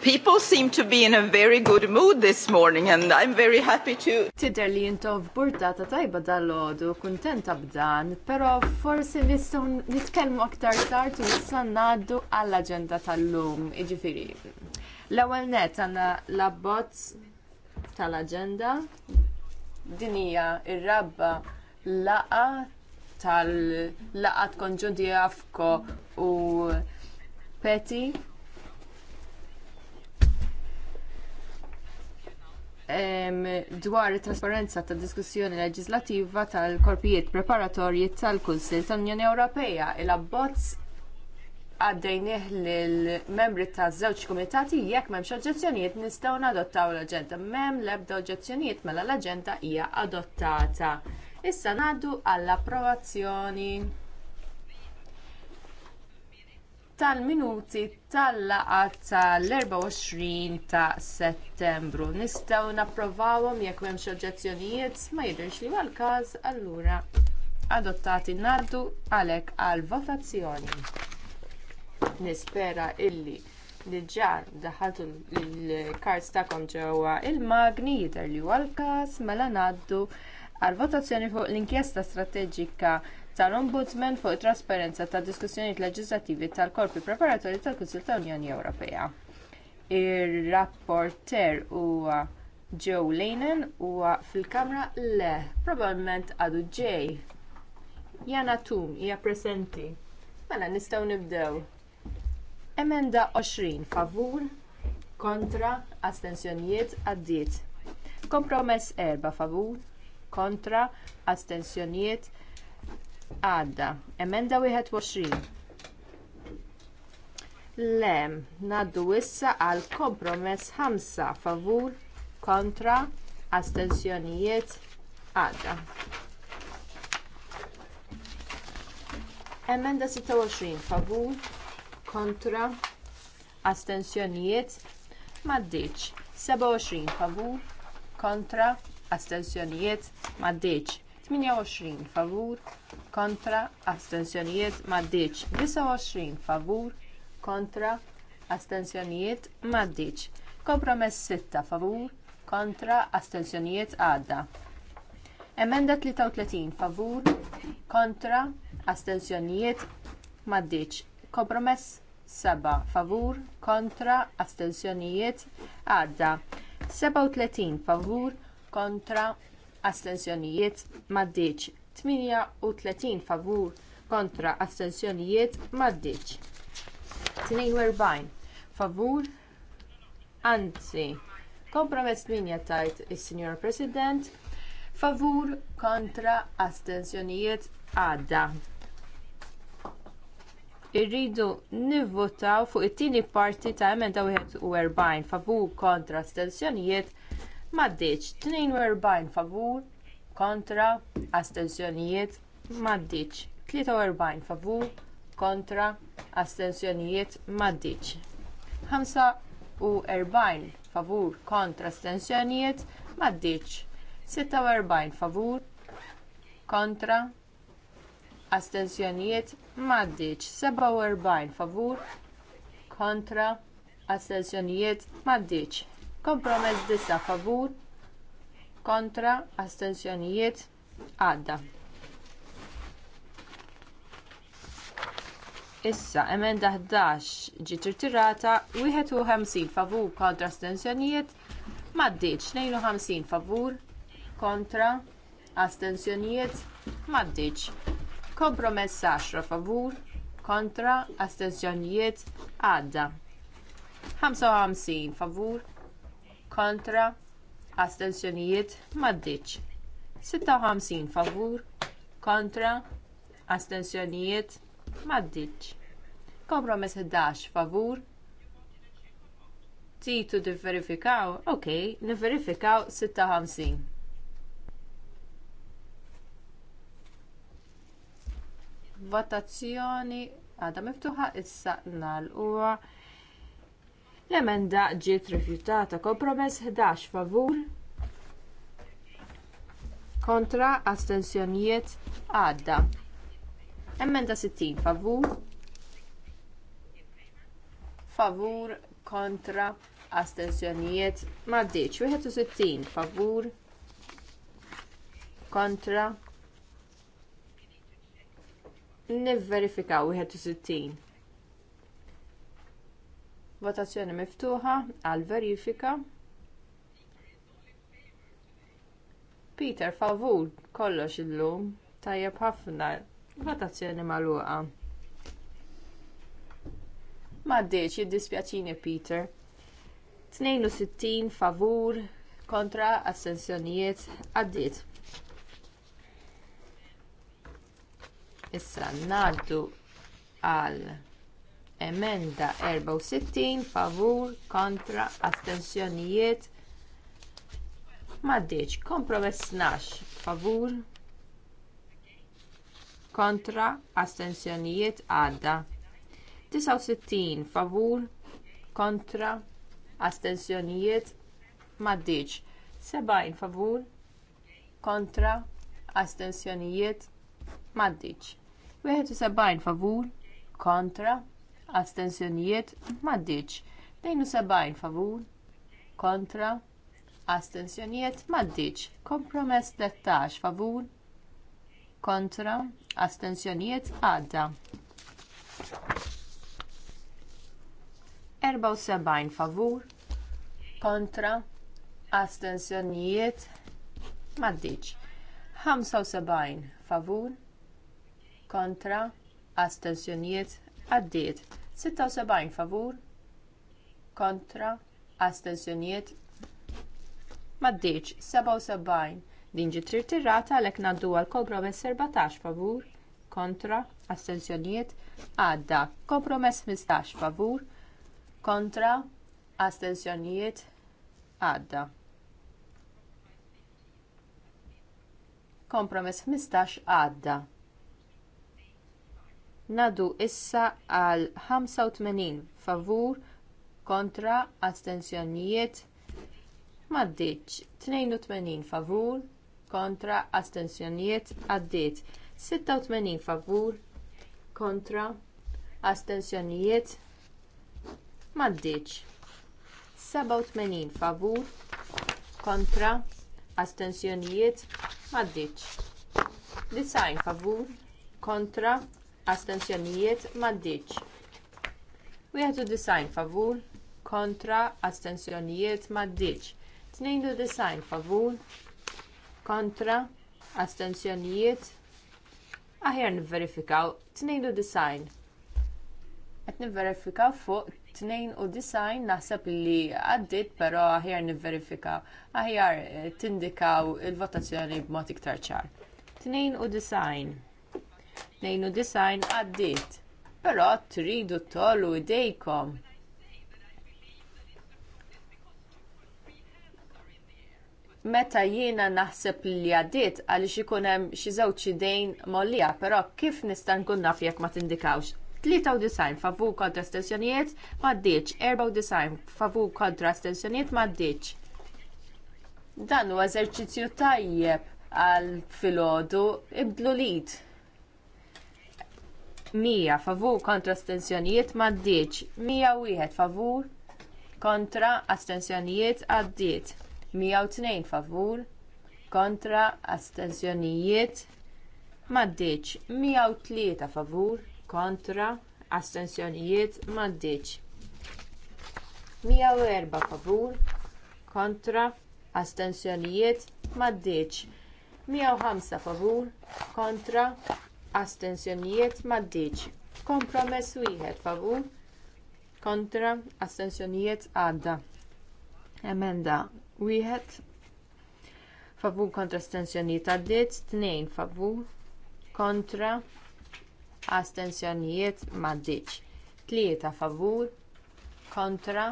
People seem to be in a very good mood this morning and I'm very happy to... Tidder li jintom ta' tajba dal-ħodu, kuntenta b'dan, pero forsi nistaw nitkellmu aktar tard u issa ngħaddu għall-aġenda tal-lum, iġifiri. L-ewwel net għandna l-abbozz tal-aġenda, dinija ir-rabba laqa tal-laqat konġunti Afko u Peti dwar it trasparenza tad diskussjoni leġislattiva tal-korpijiet preparatorji tal-Kunsil tal-Unjoni Ewropea il-abbozz għaddejnieh lill-membri taż żewġ kumitati jekk m'hemmx oġġezzjonijiet nistgħu nadottaw l-aġenda. M'hemm l-ebda oġġezzjonijiet mela l-aġenda hija adottata. Issa ngħaddu għall-approvazzjoni tal-minuti tal-laqa tal-24 ta' settembru. Nistgħu napprovawhom jekk m'hemmx oġġezzjonijiet ma jidhirx li għal każ allura adottati ngħaddu għalhekk għal votazzjoni. Nispera illi li diġà daħaltu l-kards tagħkom ġewwa il-magni jidher li huwa l-każ mela ngħaddu għal votazzjoni fuq l-inkjesta strateġika tal-Ombudsman fuq it trasparenza tad diskussjonijiet leġislattivi tal-Korpi Preparatorji tal-Kunsil tal-Unjoni Ewropea. Ir-rapporter huwa Joe Lanen huwa fil-kamra le, probabbilment għadu ġej. Jana Tum hija presenti. Mela nistgħu nibdew. Emenda 20 favur, kontra, astensjonijiet għaddiet. Kompromess erba' favur, kontra, astensjonijiet għadda. Emenda 21. Le, ngħaddu issa għal kompromess 5 favur kontra astensjonijiet għadda. Emenda 26 favur kontra astensjonijiet maddiċ. 27 favur kontra astensjonijiet maddiċ. 28 favur kontra astensjonijiet maddiċ 29 favur kontra astensjonijiet maddiċ kompromess 6 favur kontra astensjonijiet għadda emenda 33 favur kontra astensjonijiet maddiċ kompromess 7 favur kontra astensjonijiet għadda 37 favur kontra astensjonijiet maddiċ 38 favur kontra astensjonijiet maddiċ. 42 favur anzi kompromess 8 tajt is-Sinjor President favur kontra astensjonijiet għadda irridu nivvotaw fuq it-tieni parti ta' emenda 41 favur kontra astensjonijiet maddiċ 42 favur kontra, astensjonijiet, maddiċ. 43 favur, kontra, astensjonijiet, maddiċ. 45 favur, kontra, astensjonijiet, maddiċ. 46 favur, kontra, astensjonijiet, maddiċ. 47 favur, kontra, astensjonijiet, maddiċ. Kompromess 9 favur, kontra astensjonijiet għadda. Issa, emenda 11 ġiet irtirata, 51 favur kontra astensjonijiet, maddiċ 52 favur kontra astensjonijiet, maddiċ. Kompromess 10 favur kontra astensjonijiet għadda. 55 favur kontra astensjonijiet maddiċ. 56 favur kontra astensjonijiet maddiċ. Kompromess 11 favur titu differifikaw, ok, niverifikaw 56. Votazzjoni għadha miftuħa issa nal L-emenda ġiet rifjutata kompromess 11 favur kontra astensjonijiet għadda. Emenda 60 favur favur kontra astensjonijiet maddiċ 61 favur kontra nivverifikaw 61 Votazzjoni miftuħa għal verifika. Peter, favur kollox illum. Tajjeb ħafna. Votazzjoni magħluqa. M'għaddiex jiddispjaċini Peter. 62 favur kontra assenzjonijiet għaddit. Issa naddu għal emenda 64 favur kontra astensjonijiet m'għaddiex kompromess 12 favur kontra astensjonijiet għadda 69 favur kontra astensjonijiet m'għaddiex 70 favur kontra astensjonijiet m'għaddiex 71 favur kontra astensjonijiet maddiċ. 72 favur kontra astensjonijiet maddiċ. Kompromess 13 favur kontra astensjonijiet għadda. 74 favur kontra astensjonijiet maddiċ. 75 favur kontra astensjonijiet għaddiet 76 favur kontra astensjonijiet maddiċ 77 din ġiet tirtirata għalhekk naddu għal kompromess 14 favur kontra astensjonijiet għadda kompromess 15 favur kontra astensjoniet għadda kompromess 15 għadda Nadu issa għal 85 favur kontra astensjonijiet maddiċ 82 favur kontra astensjonijiet għaddiet 86 favur kontra astensjonijiet maddiċ 87 favur kontra astensjonijiet maddiċ 9 favur kontra astensjonijiet maddiċ. Wieħed u design favur kontra astensjonijiet maddiċ. Tnejn u design favur kontra astensjonijiet aħjar nivverifikaw tnejn u design. Qed nivverifikaw fuq tnejn u design naħseb li għaddit però aħjar nivverifikaw. Aħjar tindikaw il-votazzjoni b'mod iktar ċar. Tnejn u design. Nejnu design għaddiet. Però tridu tollu idejkom. Meta jiena naħseb li għaddiet għaliex ikun hemm xi żewġ idejn mollija, però kif nista' nkun naf jekk ma tindikawx? 93 favur kontra stensjonijiet m'għaddiex, design favur kontra stensjonijiet m'għaddiex. Dan huwa eżerċizzju tajjeb għal filgħodu ibdlu lid. Mija favur kontra astensjonijiet Mija wieħed favur kontra astensjonijiet għaddiet. tnejn favur kontra astensjonijiet maddiċ. 103 favur kontra astensjonijiet u erba favur kontra astensjonijiet u ħamsa favur kontra astensjonijiet maddiċ. Kompromess wieħed favur kontra astensjonijiet għadda. Emenda wieħed favur kontra astensjonijiet għaddiet, tnejn favur kontra astensjonijiet maddiċ. Tlieta favur kontra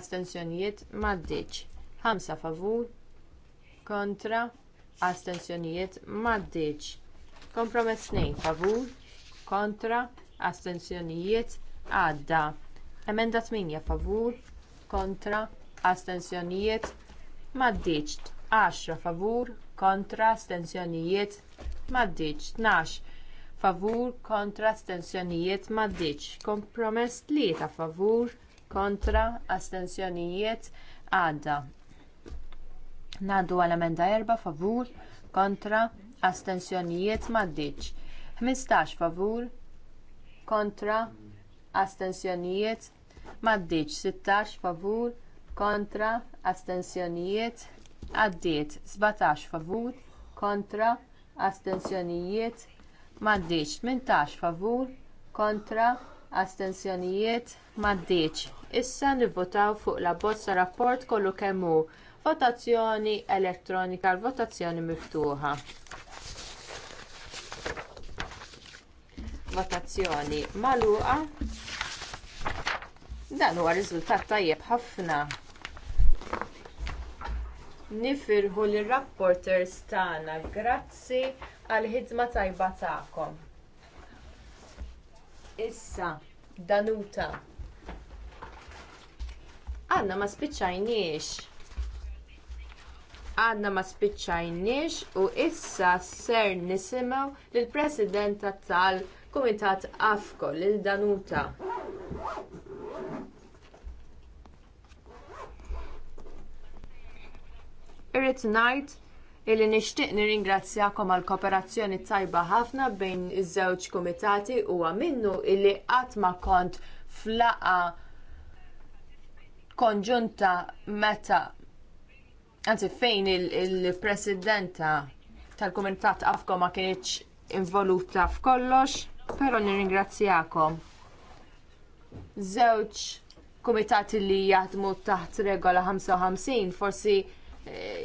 astensjonijiet maddiċ. Ħamsa favur kontra astensjonijiet maddiċ. Kompromess 2 favur kontra astensjonijiet għadda. Emenda 8 favur kontra astensjonijiet maddiċt. 10 favur kontra astensjonijiet maddiċ. Nax. favur kontra astensjonijiet maddiċ. Kompromess tlieta favur kontra astensjonijiet għadda. Ngħaddu għal emenda erba' favur kontra astensjonijiet maddiċ. 15 favur kontra astensjonijiet maddiċ. 16 favur kontra astensjonijiet għaddiet. 17 favur kontra astensjonijiet maddiċ. 18 favur kontra astensjonijiet maddiċ. Issa nivvotaw fuq la bozza rapport kollu kemm hu votazzjoni elettronika, votazzjoni miftuħa. votazzjoni magħluqa. Dan huwa riżultat tajjeb ħafna. Nifirħu lir rapporters tagħna grazzi għall ħidma tajba tagħkom. Issa, Danuta. Għadna ma spiċċajniex. Għadna ma spiċċajniex u issa ser nisimgħu lill president tal- Kumitat Afko lil Danuta. Irrid ngħid illi nixtieq nirringrazzjakom għal kooperazzjoni tajba ħafna bejn iż-żewġ kumitati huwa minnu illi qatt ma kont flaqa konġunta meta anzi fejn il-presidenta il tal kumitat Afko ma kinitx involuta f'kollox. Però nirringrazzjakom. Żewġ kumitati li jaħdmu taħt regola 55 forsi eh,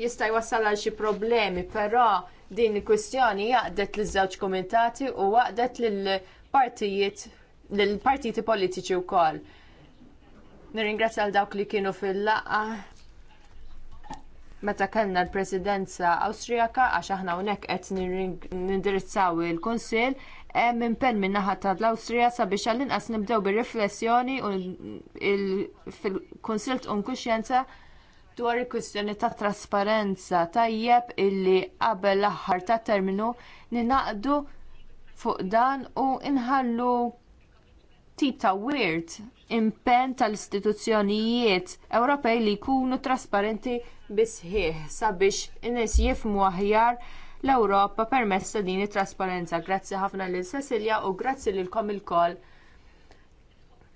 jista' jwassal għal xi problemi, però din il-kwistjoni jaqdet li zewċ komitati u li l partijiet lill partiti politiċi wkoll. Nirringrazzja għal dawk li kienu fil-laqgħa meta kellna l-presidenza Awstrijaka għax aħna hawnhekk qed nindirizzaw il-Kunsill hemm impenn min-naħa tal-Awstrija sabiex għall-inqas nibdew bir-riflessjoni u fil-Kunsill tqum kuxjenza dwar il-kwistjoni ta' trasparenza tajjeb illi qabel l-aħħar ta' terminu ninaqdu fuq dan u inħallu ftit ta' wirt impenn tal-istituzzjonijiet Ewropej li jkunu trasparenti bisħieħ sabiex in-nies jifhmu aħjar l-Ewropa permezz ta' din it-trasparenza. Grazzi ħafna lil Cecilia u grazzi lilkom ilkoll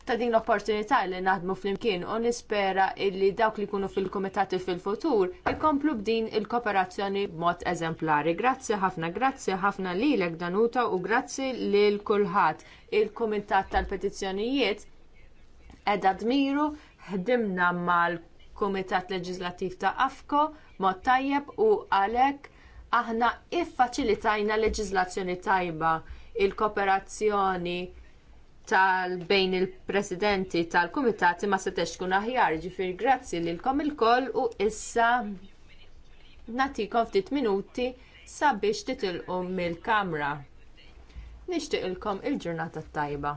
ta' din l-opportunità li naħdmu flimkien u nispera illi dawk li jkunu fil-kumitati fil-futur ikomplu b'din il-kooperazzjoni b'mod eżemplari. Grazzi ħafna, grazzi ħafna lilek Danuta u grazzi lil kulħadd il-kumitat tal-petizzjonijiet edha dmiru ħdimna mal-Kumitat Leġislattiv ta' AFCO mod tajjeb u għalek aħna iffaċilitajna leġiżlazzjoni tajba il-kooperazzjoni tal bejn il-presidenti tal-kumitati ma setex tkun aħjar, ġifir grazzi lilkom ilkoll u issa nagħtikom ftit minuti sabiex titilqu mill-kamra. Nixtieqilkom il-ġurnata tajba.